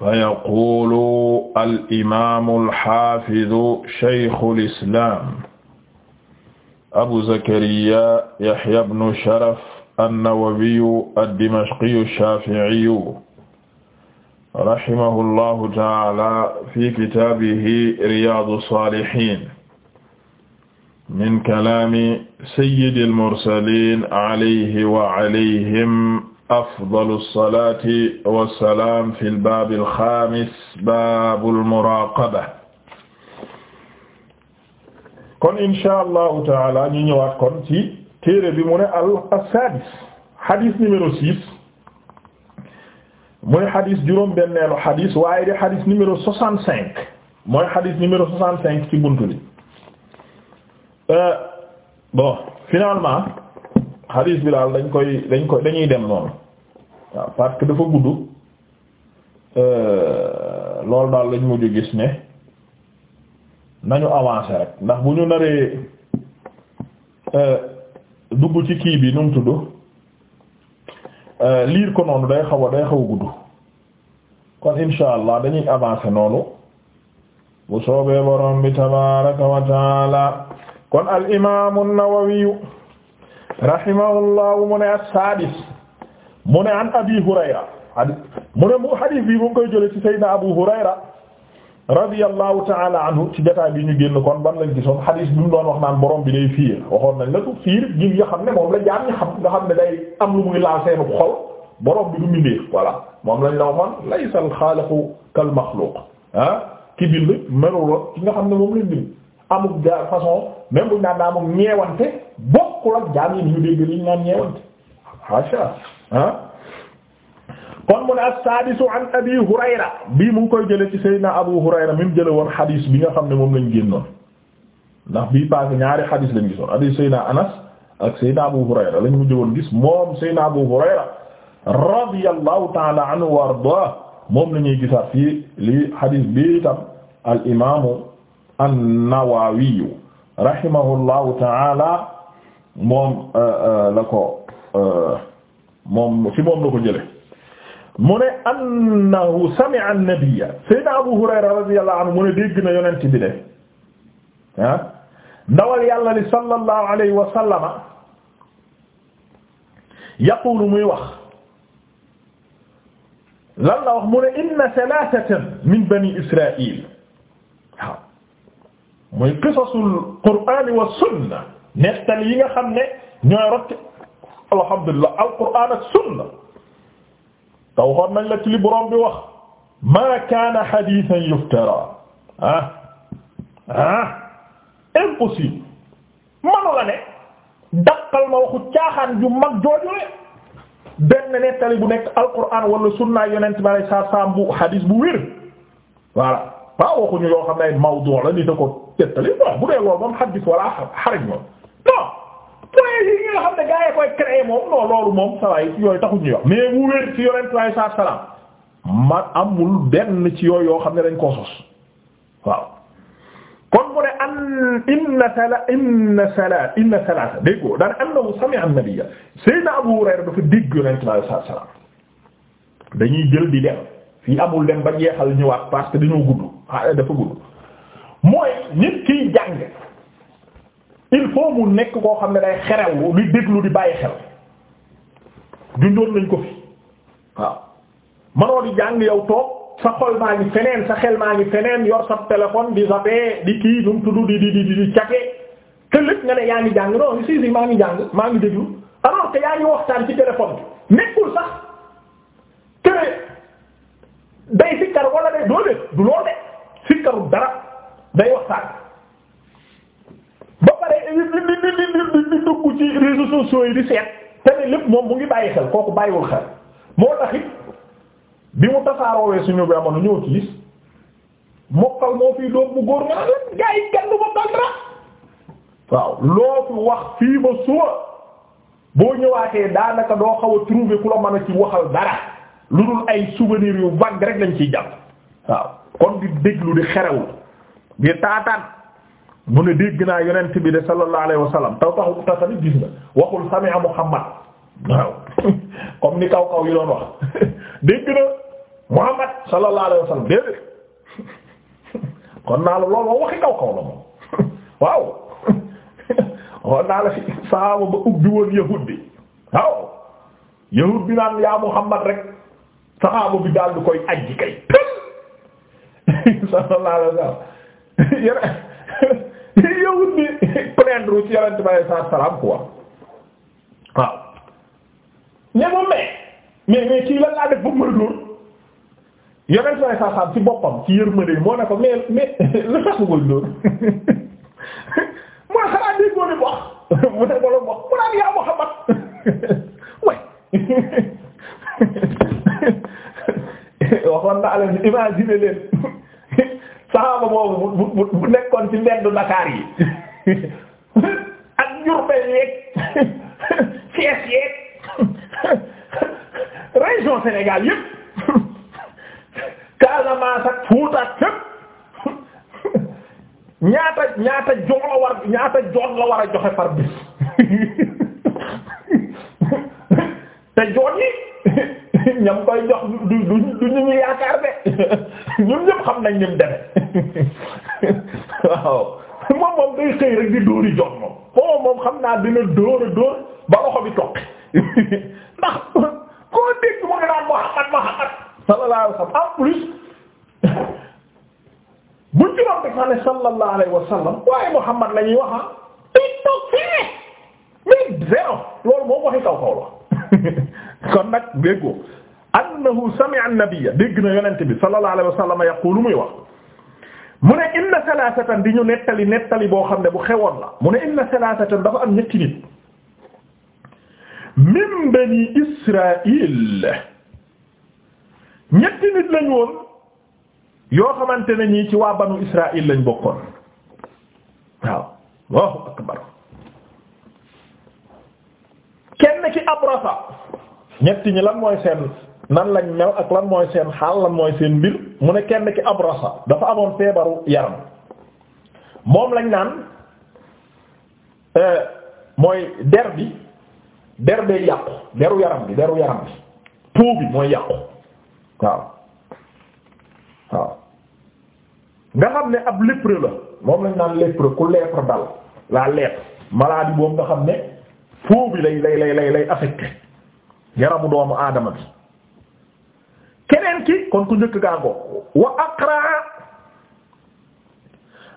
fayaqulu al imaamu al xaafidu sheykhul islam abu zakariya yaxya bnu sharaf annawawiyu addimashqiyu shaaficiyu rahimahu llahu taala fi kitaabihi riyaadu saalihiin min kalaami sayyidil mursaliin alayhi wa alayhim afdalu salaati wa salaam fil baabil xaamis baabul muraaqaba. kon incha allahu taala ñu ñëwaat kon ci téere bi mu ne al asaadis xadis numéro six mooy xadis juróom-benneelu xadis waaye di xadis numéro soixante cinq mooy xadis numéro soixante cinq ci buntu bi euh, bon finalement. xadiis bi daal dañ koy dañ koy dañuy dem noonu waaw parce que dafa gudd euh, loolu daal lañ mujj gis ne nañu avancer rek ndax bu ñu naree euh, dugg ci kii bi nu mu tudd euh, liir ko noonu day xaw a day xaw a gudd kon insha allah dañuy avancer noonu bu soobee borom bi tabaaraka wa kon al imaamu Nawawi rahimahullahu mu ne as-sadis mu ne an abi hurayra mu ne mu hadis bi mu ngi koy jële ci sayyidina abu hurayra radiyallahu ta'ala anhu ci jotaay bi ñu génn kon ban lañ gisoon hadis bi mu doon wax naan boroom bi day fiir waxoon nañ la ko fiir gi nga xam ne moom la jaar ñu xam nga xam ne day am lu muy lancé bu xol borom bi du mbindeef voilà moom lañ la waxoon laysa al-xaaliqu kal maxluuq ah ki bind melul ki nga xam ne moom lañ bind amul jaar façon même bokkul ak jaam yi ñu dégg liñ naan ñeewante macha allah ah. kon an abi hurayra bii mu ngi koy jële ci sayyidina abu hurayra mi mu jële woon xadis bi nga xam ne moom lañ génnoon ndax bii paase ñaari xadis lañ gisoon xadis sayyidina anas ak abu hurayra lañ mu jëwoon gis moom sayyidina abu hurayra radiyallahu ta'ala anhu wa ardaah moom la ñuy gisaat fii li xadis bi al imaamu an-nawawi rahimahullahu ta'ala moom euh, euh, la ko euh, moom ci moom la ko jële mu ne annahu sami'a an-nabiyya sayyidina Abu Hurayra radiyallahu anhu mu ne dégg na yonent bi ne ah ndawal yàlla li sallallahu alayhi wa sallama yaqulu muy wax lan la wax mu ne inna thalathatan min bani Israil waaw muy qisasul Qur'an wa sunna nettali yi nga xam ne ñooy rotti alhamdulilah alquran ak sunna te waxoon nañ la ci li borom bi wax ma kaana hadithan yuftara ah ah impossible manu la ne daqal ma waxu caaxaan ju mag jooju le benn nettali bu nekk alquran wala sunna yonent bi alay saa saam bu hadis bu wér voilà waaw waxuñu yoo xam ne mawdu' la ni da ko tettali waaw bu dee loolu moom hadis wala xaraj moom mais yi nga xam ne gaa yi koy créer moom loolu moom saa yooyu taxuñ ñu wax mais bu wér ci yonent bi saa salaam ma amul benn ci yooyu yoo xam ne dañ koo sos waaw kon mu ne an inna sala inna sala inna salasa dégg nga daan annahu sami'a an-nabiyya Seydina Abu Hurayra dafa dégg yonent bi saa salaam dañuy jël di dem fii amul dem ba jeexal ñëwaat parce que dañoo gudd ah dafa gudd mooy nit kiy jàng. il faut mu nekk koo xam ne day xerew li déglu di bàyyi xel dundoon nañ ko fi waaw manoo di jàng yow toog sa xol maa ngi feneen sa xel maa ngi feneen yor sa téléphone di zappé di kii nu mu tudd di di di di cake te nga ne yaa ngi jàng non si maa ngi jàng maa ngi déglu alors que yaa ngi waxtaan ci téléphone bi nekkul sax que day sikkar wala day doo def du lool de dara day waxtaan. di di dugg ci réseaux sociaux yi di seet te ne lépp moom mu ngi bàyyi xel kooku bàyyiwul xel moo taxit bi mu tasaaroowee suñu bi amoon ñoo tiis mokkal moo fii doom bu góor nga naan la gaa yi kenn wax fii ba boo ñëwaatee daanaka doo xaw a trouver ku la mën a ci waxal dara lu dul rek lañ ciy jàpp waaw kon di déglu di xerew di taataan mu ne dégg naa yonent bi de sallallahu alayhi wa sallam taw taxu tax tamit gis nga waxul sami'a Muhammad waaw comme ni kaw kaw yi doon wax dégg na Muhammad sallallahu alayhi wa sallam kon naa la loolu waxi kaw kaw la moom waaw kon naa la fi sahaaba ba ubbi woon yahud bi waaw yahud bi naan yaa Muhammad rek sahaaba bi daal di koy ajji kay sallallahu alayhi wa sallam yow bi plaindre ci yonent bi alayhi salaatu salaam quoi waaw ne moom mais mais mais kii lan laa def ba mu mën yonent bi alayhi salaatu ci boppam ci yërmande moo ne ko mais mais lu tax nga koy dóor mooy xanaa dégg nga li mu wax mu ne ko la mu wax mu naan yaa Muhammad way waxoon naa leen imaginer leen. saxaaba boobu bu bu nekkoon ci mbeddu Dakar yi ak Diourbel yeeg Thiès yeeg région Sénégal yëpp Casamance ak Fuuta ak ñaata ñaata jox la war ñaata jox la war a joxe par bis te jox ni ñam koy jox du du ñu yaakaar de ñun ñëpp xam nañ ni mu deme waaw moom moom day xëy rek di dóori jot moom moom moom xam naa dina dóor a dóor ba loxo bi toqi ndax koo dégg mu ngi naan Muhammad Muhammad sallallahu alayhi wa sallam en plus bu juróom bi ma ne sallallahu alayhi wa sallam waaye Muhammad la ñuy waxa ah. it toog fee mi zéro loolu moom waxi kaw kaw la kon nag déggoo annahu sami'a an-nabiyya dégg na yonent bi sallallahu alayhi wa sallam yaqulu muy wax mu ne inna salaasatan di ñu nettali nettali boo xam ne bu xewoon la mu ne inna salaasatan dafa am ñetti nit min bani israil ñetti nit lañ woon yoo xamante ne ñii ci waa banu israil lañ bokkoon waaw Allahu akbar kenn ki abrasa ñetti ñi lan mooy seen nan lañ mel ak lan mooy seen xaal lan mooy seen mbir mu ne kenn ki abrasa dafa amoon feebaru yaram moom lañ naan euh, mooy der bi der bee yàqu deru yaram bi deru yaram bi pou mooy yàqu waaw waaw nga xam ne ab lépreux la moom lañ naan lépreux ku lèpre dal la lèpre maladie boobu nga xam ne pou bi lay lay lay lay lay yaramu doomu aadama bi kon ku njëkk gaa ngoog wa aqraa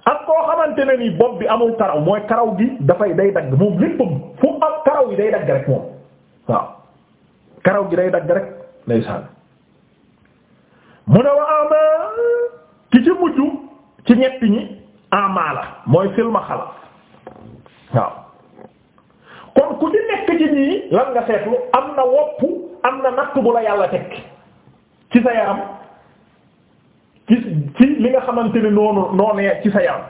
ak koo xamante ne ni bopp bi amul karaw mooy karaw gi dafay day dagg moom léppam fu ak karaw gi day dagg rek moom waaw karaw gi day dagg rek ki ci mujj ci ñett ñi ama la mooy silma xala waaw kon ku ci nekk ci ñii lan nga seetlu am na wopp am na natt bu la yàlla teg ci sa yaram ci ci li nga xamante ni noonu noonee ci sa yaram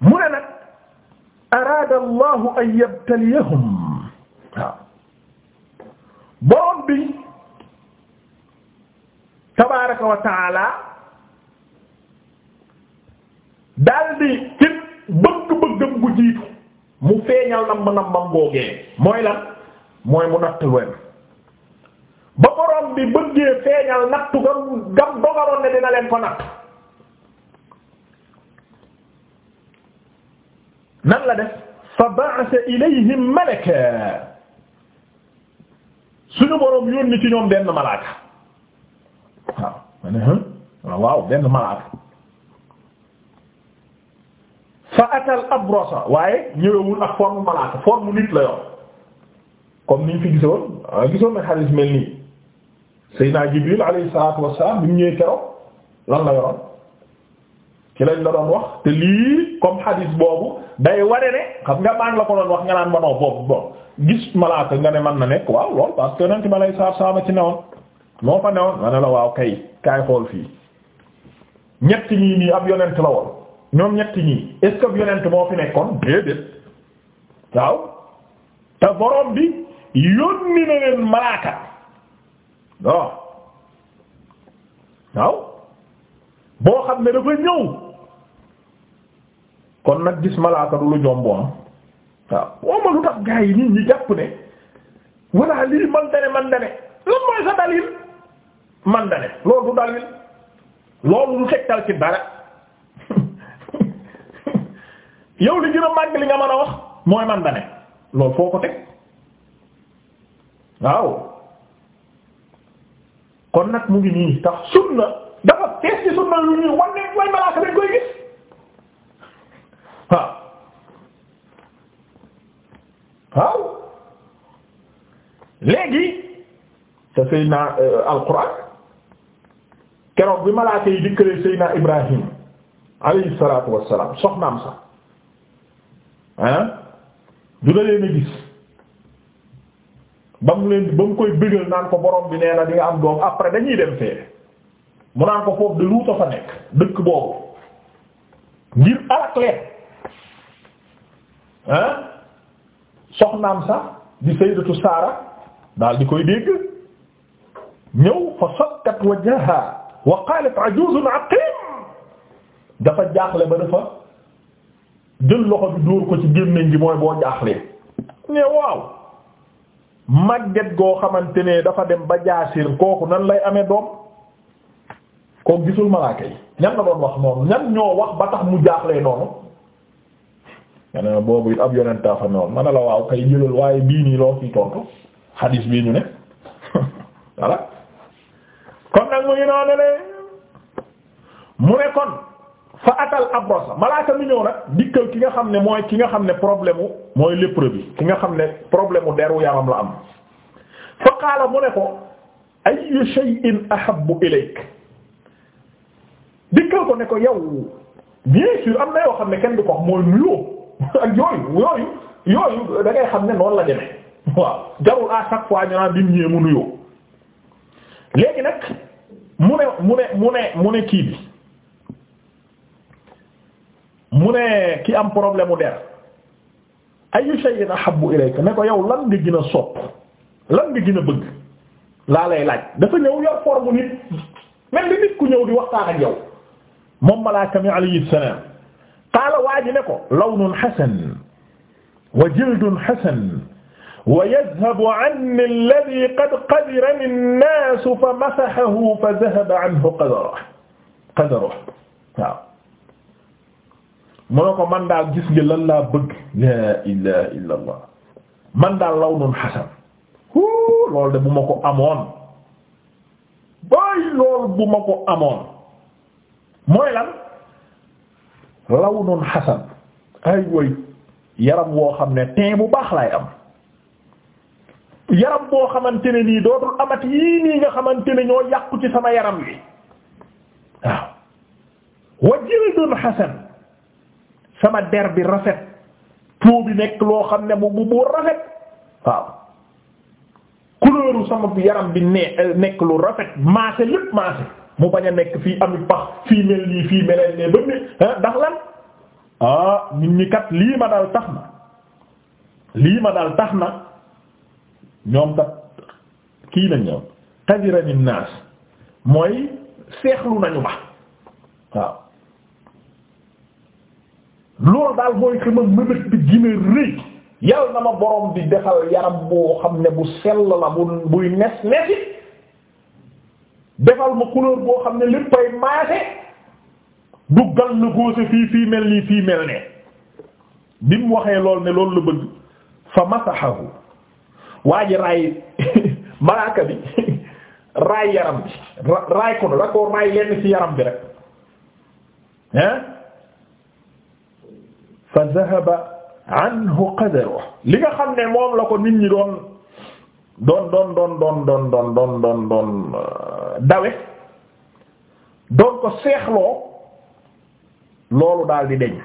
mu ne nag araada an yabtaliyahum waaw bi tabaraka wa taala daldi ci bëgg-bëggam gu jiitu mu feeñal nam nam googee mooy lan mooy mu natt leen ba borom bi bëggee feeñal nattu gam gam dogaloon ne dina leen ko natt nan la def fa ba'atha ilayhim malaka suñu borom yónni ci ñoom benn malaaka waaw ma waaw benn malaaka fa atal abrasa waaye ñëwewul ak forme malaaka forme nit la yor comme niñ fi gisoon ah, gisoon na xaris mel nii Seydina Jibril alayhi salaatu wassalaam bi mu ñëwee keroog lan la yoroon ci lañ la doon wax te lii comme xadis boobu day ware rek xam nga maa ngi la ko doon wax nga naan manoo boobu bon gis malaaka nga ne man na nekk waaw lool parce yonent bi alayhi salaatu wassalaam ci newoon moo fa newoon ma ne la waaw kay kaay xool fii ñett ñii nii ab yonent la woon ñoom ñett ñii est yonent moo fi nekkoon déedéet waaw yónni leen malaaka waaw waaw boo xam ne dafa ñëw kon nag gis malaata du lu jomb am ah. waaw woo ma lu tax gaa yi nii ñi jàpp ne walla lii man dane man mooy sa dalil man loolu du dalil loolu du tegtal ci dara yow li gën a màgg li nga mën a wax mooy man dane foo ko teg waaw kon nag mu ngi nii tax sunna dafa fees ci sunna lu ñuy wan ne way malaaka koy gis waaw waaw léegi te Seydina euh, al-Qur'an keroog bi malaaka yi dikkalee Seydina Ibrahim alayhi salaatu wassalaam soxnaam sax ah du na leen a gis ba mu leen ba koy bëggal naan ko boroom bi nee na di am doom après dañuy dem fee mu naan ko foofu de luuta fa nekk dëkk boobu ngir alak leen ah sax di sayyidatu Saara daal di koy dégg ñëw fa sakkat wajhaha wa qalat ajuzun aqim dafa jaaxle ba dafa jël loxo bi dóor ko ci gémmiñ gi mooy boo jaaxlee ne waaw màgget goo xamante ne dafa dem ba jaasir kooku nan lay amee doom kook gisul malaaka yi ñan la doon wax noonu ñan ñoo wax ba tax mu jaaxlee noonu nga ne boobu it ab yonentaa fa noonu la waaw kay jëlal waaye bii nii loo ciy tontu xadiis bii ñu ne voilà kon nag mu ngi noonu ne mu ne kon fa atal abrasa malaaka mi ñëw nag dikkal ki nga xam ne mooy ki nga xam ne problème mu mooy lépreux bi ki nga xam ne problème mu deru yaram la am fa mu ne ko ayyu shay'in ko ne ko yow am na yoo xam ne kenn du ko mooy nuyoo ak yooyu yooyu yooyu da ngay xam ne noonu la demee waaw jarul à chaque fois ñu naan bi mu mu nuyoo léegi nag mu ne mu ne mu ne mu ne kii bi mu ne ki am problème mu der ayu shay'in ahabbu ilayka ne ko yow lan nga gën a sopp lan nga gën a bëgg laa lay laaj dafa ñëw yor forme nit mel ni nit ku ñëw di waxtaan ak yow moom malaaka mi alayhi salaam qaala waa ji ne ko lawnun hasan wa jildun hasan wa yadhabu anni alladhi qad qadirani an-naas fa masahahu fa dhahaba anhu qadaruhu qadaruhu waaw mu ne ko man daal gis nga lan laa bëgg laa ilaha illa allah man daal law noon xasan huu loolu de bu ma ko amoon bay loolu bu ma ko amoon mooy lan law noon xasan ay woy yaram woo xam ne teen bu baax laay am yaram boo xamante ne nii dootul amat yii nii nga xamante ne ñoo yàqu ci sama yaram wi waaw wa xasan sama der bi rafet taux bi nekk loo xam ne bu mu bu rafet waaw couleuru sama yaram bi ne euh, nekk lu rafet maase lépp maase mu bañ a nekk fii am pax fii mel nii fii meleen ne ba mu ndax lan ah nit ñi kat lii ma dal tax na lii ma daal tax na ñoom kat kii nañ ñoom tajirani naas mooy seexlu nañu ba waaw loolu daal mooy sama mëbët bi gën rëy yal na ma borom bi defal yaram boo xam ne bu sell la bu buy nes nesi defal ma couleur boo xam ne léppay maase du gal na góose fii fii mel nii fii mel ne bi mu waxee lool ne loolu la bëgg fa masahahu waa ji raay malaaka bi raay yaram bi raay ko la ko raay lenn ci yaram bi rek hein fa dhahaba anhu qadaruhu li nga xam ne moom la ko nit ñi doon doon doon doon doon doon doon doon doon doon dawe doon ko seexloo loolu daal di deñ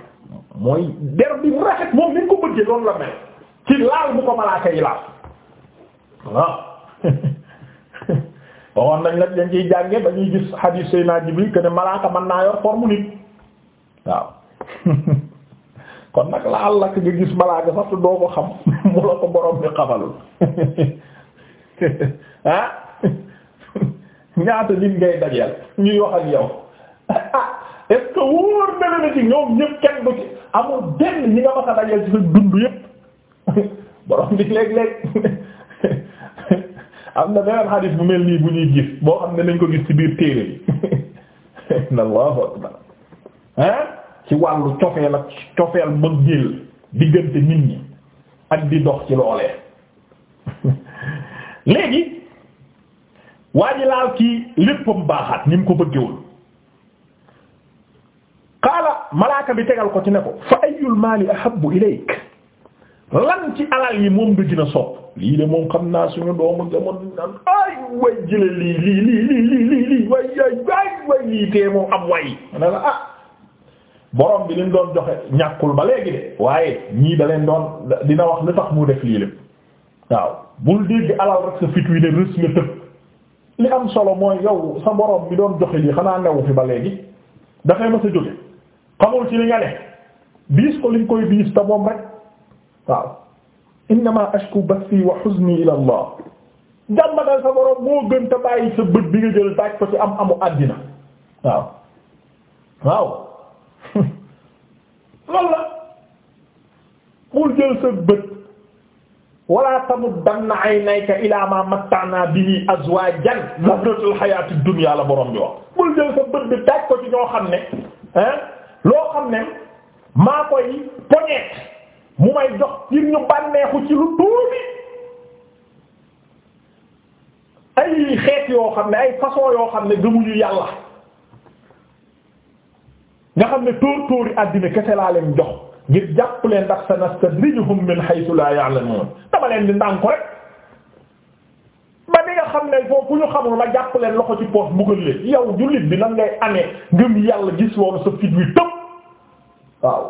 mooy der bi rafet moom ni nga ko bëggee doon la mel ci laal bu ko malaaka yi laal waaw waxoon nañ la dañ ciy jànge ba ñuy gis hadith Seydina Jibril que ne malaaka mën naa yor forme nit waaw kon nag la àllak nga gis malaaka sax te doo ko xam mu la ko borom bi xamalul ah ñaata nit ngay dajeel ñuy wax ak yow ah est-ce que wóor na la ci kenn du ci amul benn nga ma ko dajeel ci sa dund yëpp borom bi léeg-léeg am na beneen xadiis bu mel nii bu ñuy gis boo xam ne ko gis ci biir téere bi na Allahu akbar ah ci wàllu cofeel ak cofeel mbëggeel diggante nit ñi ak di dox ci loolee léegi waa ki laal kii léppam baaxaat ni mu ko bëggewul qaala malaaka bi tegal ko ci ne ko fa ayul maali ahabbu ilayk lan ci alal yi moom nga na a lii de moom xam naa suñu doomu jamono naan ay way jële lii lii lii lii lii lii way way way lii tee moom am way ne la ah borom bi li mu doon joxe ñàkkul ba léegi de waaye ñii daleen leen doon dina wax lu tax mu def lii lépp waaw bul dégg alal rek sa fit li am solo mooy yow sa borom bi doon joxe lii xanaa newu fi ba léegi dafay ma sa jóge xamul ci li nga biis ko liñ koy biis te moom rek waaw innama ashku bathi wa moo gën te bi nga jël ci am amu àddina waaw loolu la bul jël sa bët wala tamuddanna aynayka ila ma matta'na bihi azwajan zahratul hayati dunya la borom bi wax bul jël sa bët bi taaj ko ci ñoo xam ne loo xam ne maa koy poñeet mu may jox ngir ñu bànneexu ci lu tuuti ay xeet yoo xam ne ay façon yoo xam ne gëmuñu yàlla nga xam ne tóor tóori àddina kese laa leen jox ngir jàpp leen ndax sanastadrijuhum min haythu la ya'lamun dama leen di ndànk rek ba ni nga xam ne foofu ñu xamul na jàpp leen loxo ci poos mbugal leen yow jullit bi nan ngay amee ngëm yàlla gis loolu sa fit wi tëb waaw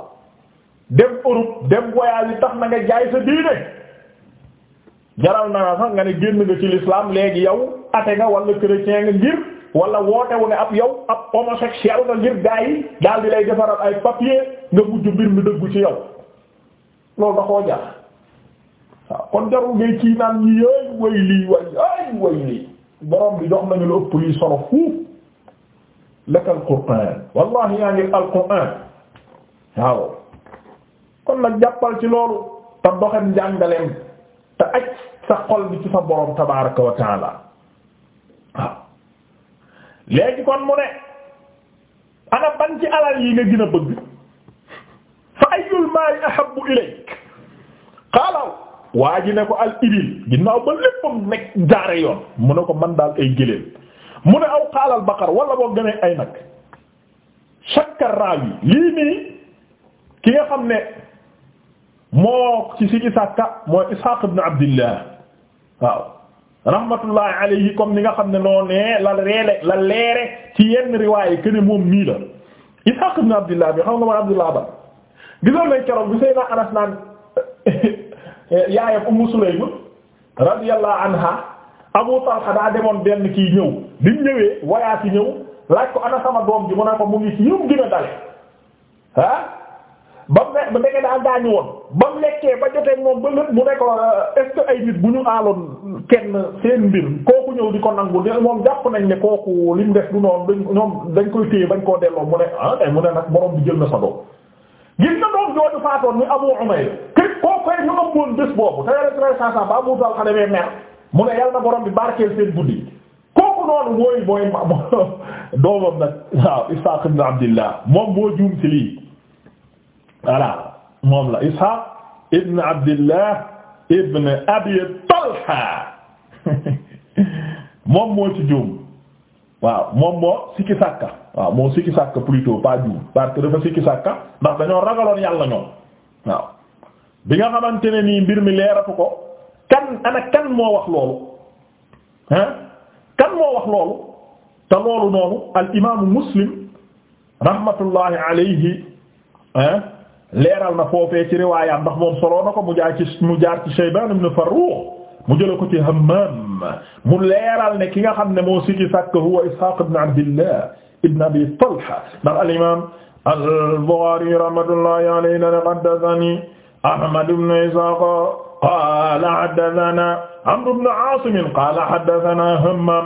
dem Europe dem voyage yi tax na nga jaay sa diine jaral na sax nga ne génn nga ci l'islam léegi yow ate nga wala chrétien nga ngir wala wootewu ne ab yow ab homosexuel nga ngir gaa yi daal di lay defaral ay papier nga mujj mbir mi dëggu ci yow loolu da koo jar waaw kon jarul ngay kii naan ñi ay way way ay borom bi jox nañu lu ëpp lii solo fuuf laka al qur'an wallahi yaa ngi al qur'an waaw kon nag jàppal ci loolu te doxem njàngaleem te aj sa xol bi ci sa borom tabaraka wa waaw léegi kon mu ne ana ban ci alal yi nga gina a bëgg fa ayyul maali ahabbu ilayk qaala waa ji ne ko al ibil ginnaaw ba léppam nekk jaare yoon mu ne ko man daal ay gëléem mu ne aw qaala al baqar wala boo gën ay nag shakka raawi lii nii ki nga xam ne moo ci si isaka mooy ishaq ibn abdillah waaw rahmatullahi alayhi comme ni nga xam ne noo ne la reele la leere ci yenn riwaaye kene moom mii la Ishaq ibn Abdullah bi xam nga ma Abdullah ba gisoon nañ keroog bi Seydina Anas naan yaayam Ummu Sulaym radiyallahu anha Abu Talha daa demoon benn kii ñëw bi mu ñëwee wayaa ci ñëw laaj ko ana sama doom ji mu ne ko mu ngi ci yëm gën dale ah ba mu ne daa gaañu woon ba mu ba jotee moom ba lépp mu ne ko euh, est-ce ay nit bu ñu aaloon kenn seen mbir kooku ñëw di ko nangu de moom jàpp nañ ne kooku li mu def du noonu dañ ñoom dañ koy téye bañ koo delloo mu ne ah tey mu ne bi jël na sa doom. gis na doom jooju faatoon muy Abu Umayr kër kooku ñu ëmboon bés boobu te yàlla traité sans ba amul daal xale bee mer na borom bi barkeel seen guddi kooku nag waaw Isaaq ibn Abdillah moom moo juum ci lii. voilà moom la Ishaq ibn Abdillah ibn Abi Talha moom moo ci juum waaw moom moo sikki sàkka waaw moo sikki sàkka plutôt juum parce que dafa sikki sàkka ndax dañoo ragaloon yàlla ñoom waaw nga xamante ne nii mbir mi leeratu ko kan ana kan moo wax loolu hein kan moo wax loolu te loolu noonu al Muslim rahmatullahi alayhi hein leeral na foofee ci riwaayam ndax moom soloo na ko mu jaar ci mu jaar ci Shaybaan ibn Farrukh mu jëla ko ci Hammaam mu leeral ne ki nga xam ne moo siki sàkk huwa Ishaaq ibn Abdillah ibn Abi Talha ndax al-imaam al-Bukhaari rahmatullahi alayhi na haddathanii Ahmad ibn Ishaaq qaala haddathanaa Amr ibn Aasim qaala haddathanaa Hammaam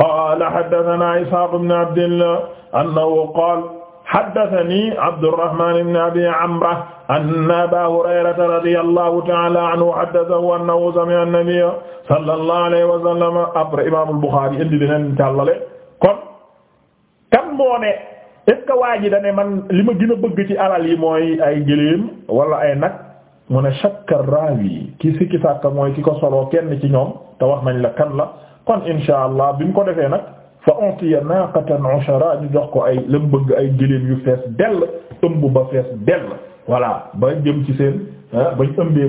qaala haddathanaa Ishaaq ibn Abdillah annahu qaala haddathanii Abdurrahmaan ibn Abii Amra anna Abaa Hurayrata radiyallaahu ta'aalaa anhu haddathahu annahu sami'a an-nabiyya sallallaahu alayhi wa sallam après imaamul Buxaari indi beneen tallale kon kan moo ne est-ce que waa ji da ne man li ma gën a bëgg ci alal yi mooy ay gëléem wala ay nag mu ne shakka raawi ki sikki sàkk mooy ki ko soloo kenn ci ñoom te wax nañ la kan la kon inshaa Allah bi mu ko defee nag. fa utiya naqatan ushara ñu jox ko ay lam bëgg ay gëléem yu fees dell ëmb ba fees dell voilà ba jëm ci seen ah, ba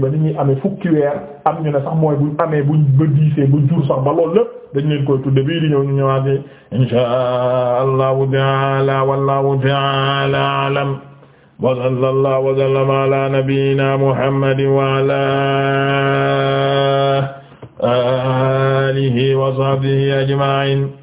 ni ñuy fukki weer am ñu ne sax mooy buñ amee buñ ba diisee ba jur sax ba loolu lépp dañ leen koy tudde bii di ñëw ñu ñëwaat insha allahu taala wallahu taala alam wa sallallahu wa sallama ala nabiyyina muhammadin wa ala alihi wa sahbihi ajma'in